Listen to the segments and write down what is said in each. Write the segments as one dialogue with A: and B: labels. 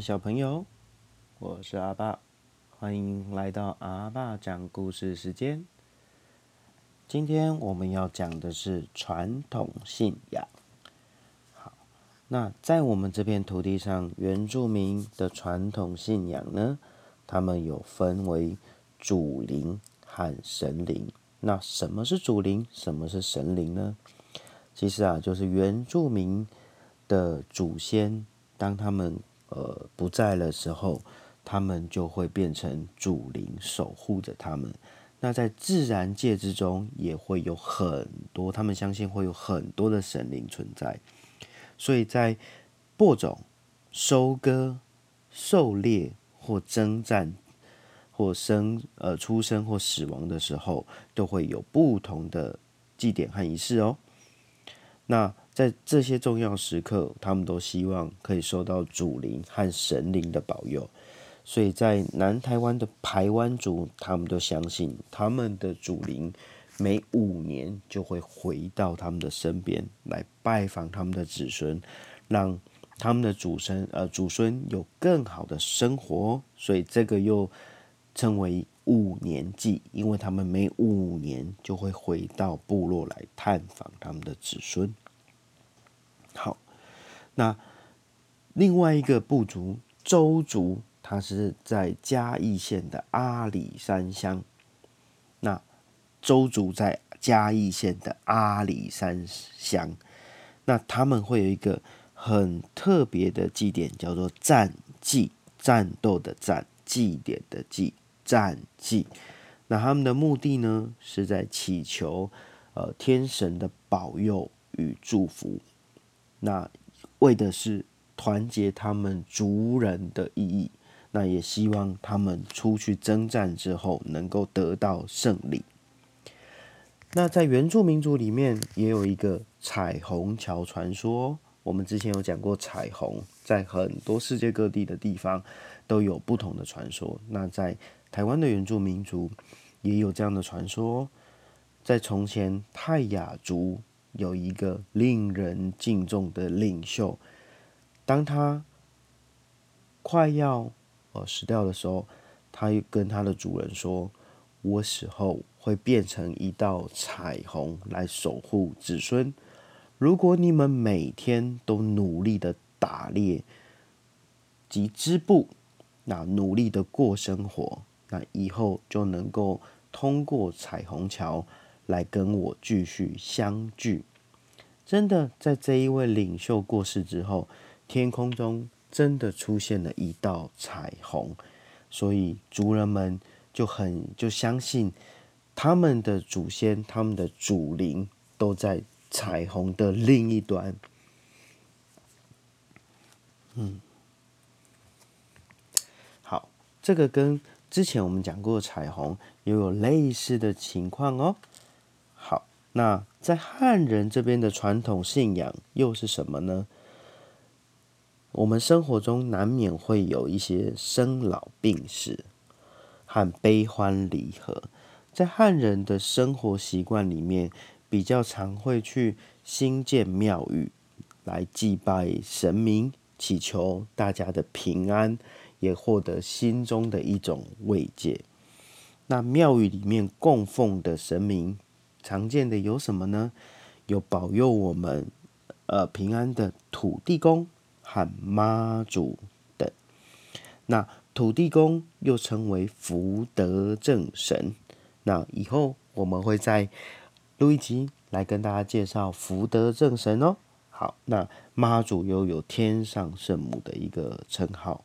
A: 小朋友，我是阿爸，歡迎來到阿爸講故事時間。今天我們要講的是傳統信仰。好，那在我們這片土地上，原住民的傳統信仰呢，他們有分為祖靈和神靈。那什麼是祖靈，什麼是神靈呢？其實啊，就是原住民的祖先，當他們呃，不在的時候，他們就會變成祖靈，守護着他們。那在自然界之中，也會有很多，他們相信會有很多的神靈存在。所以在播種、收割、狩獵或征戰，或生呃出生或死亡的時候，都會有不同的祭典和儀式哦。那。在這些重要時刻，他們都希望可以受到祖靈和神靈的保佑。所以在南台灣的排灣族，他們都相信他們的祖靈每五年就會回到他們的身邊來拜訪他們的子孫，讓他們的祖呃祖孫有更好的生活。所以這個又稱為五年祭，因為他們每五年就會回到部落來探訪他們的子孫。好，那另外一個部族周族，他是在嘉義縣的阿里山鄉。那周族在嘉義縣的阿里山鄉，那他們會有一個很特別的祭典叫做戰祭，戰鬥的戰，祭典的祭，戰祭。那他們的目的呢，是在祈求呃天神的保佑與祝福。那為的是團結他們族人的意義，那也希望他們出去征戰之後能夠得到勝利。那在原住民族裡面也有一個彩虹橋傳說，我們之前有講過彩虹，在很多世界各地的地方都有不同的傳說。那在台灣的原住民族也有這樣的傳說，在從前泰雅族。有一個令人敬重的領袖，當他快要呃死掉的時候，他又跟他的主人說：“我死後會變成一道彩虹來守護子孫。如果你們每天都努力的打獵及織布，那努力的過生活，那以後就能夠通過彩虹橋。”來跟我繼續相聚。真的，在這一位領袖過世之後，天空中真的出現了一道彩虹，所以族人們就很就相信他們的祖先、他們的祖靈都在彩虹的另一端。嗯，好，這個跟之前我們講過的彩虹也有類似的情況哦。那在漢人這邊的傳統信仰又是什麼呢？我們生活中難免會有一些生老病死和悲歡離合，在漢人的生活習慣裡面，比較常會去新建廟宇來祭拜神明，祈求大家的平安，也獲得心中的一種慰藉。那廟宇裡面供奉的神明。常見的有什麼呢？有保佑我們，呃平安的土地公和媽祖等。那土地公又稱為福德正神。那以後我們會在，錄一集來跟大家介紹福德正神哦。好，那媽祖又有天上聖母的一個稱號。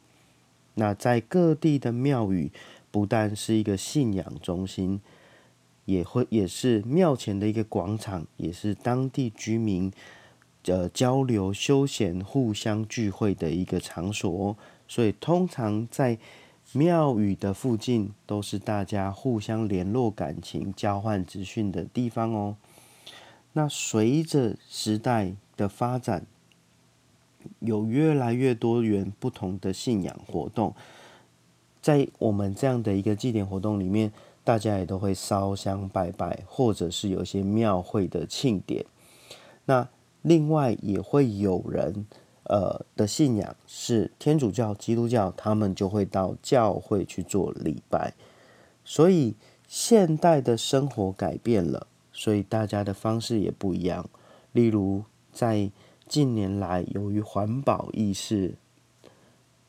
A: 那在各地的廟宇，不但是一個信仰中心。也會也是廟前的一個廣場，也是當地居民呃交流、休閒、互相聚會的一個場所哦。所以，通常在廟宇的附近，都是大家互相聯絡感情、交換資訊的地方哦。那隨着時代的發展，有越來越多元不同的信仰活動，在我們這樣的一個祭典活動裡面。大家也都會燒香拜拜，或者是有些廟會的慶典。那另外也會有人，呃，的信仰是天主教、基督教，他們就會到教會去做禮拜。所以現代的生活改變了，所以大家的方式也不一樣。例如在近年來，由於環保意識，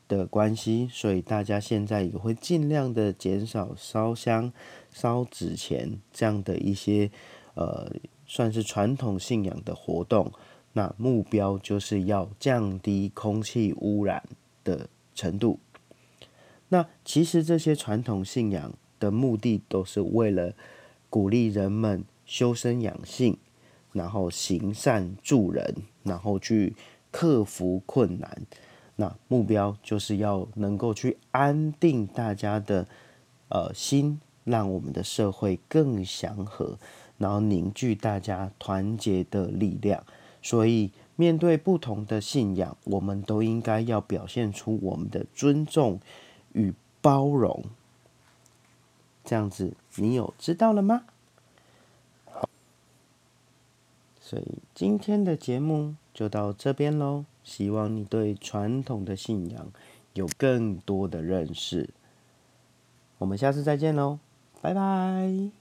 A: 的關係，所以大家現在也會盡量的減少燒香、燒紙錢這樣的一些，呃，算是傳統信仰的活動。那目標就是要降低空氣污染的程度。那其實這些傳統信仰的目的都是為了鼓勵人們修身養性，然後行善助人，然後去克服困難。那目標就是要能夠去安定大家的呃心，讓我們的社會更祥和，然後凝聚大家團結的力量。所以面對不同的信仰，我們都應該要表現出我們的尊重與包容。這樣子，你有知道了嗎？好，所以今天的節目就到這邊嘍。希望你對傳統的信仰有更多的認識。我們下次再見嘍，拜拜！